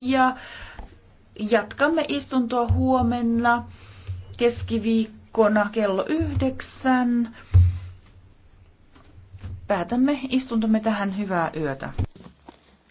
Ja jatkamme istuntoa huomenna keskiviikkona kello yhdeksän. Päätämme istuntomme tähän hyvää yötä.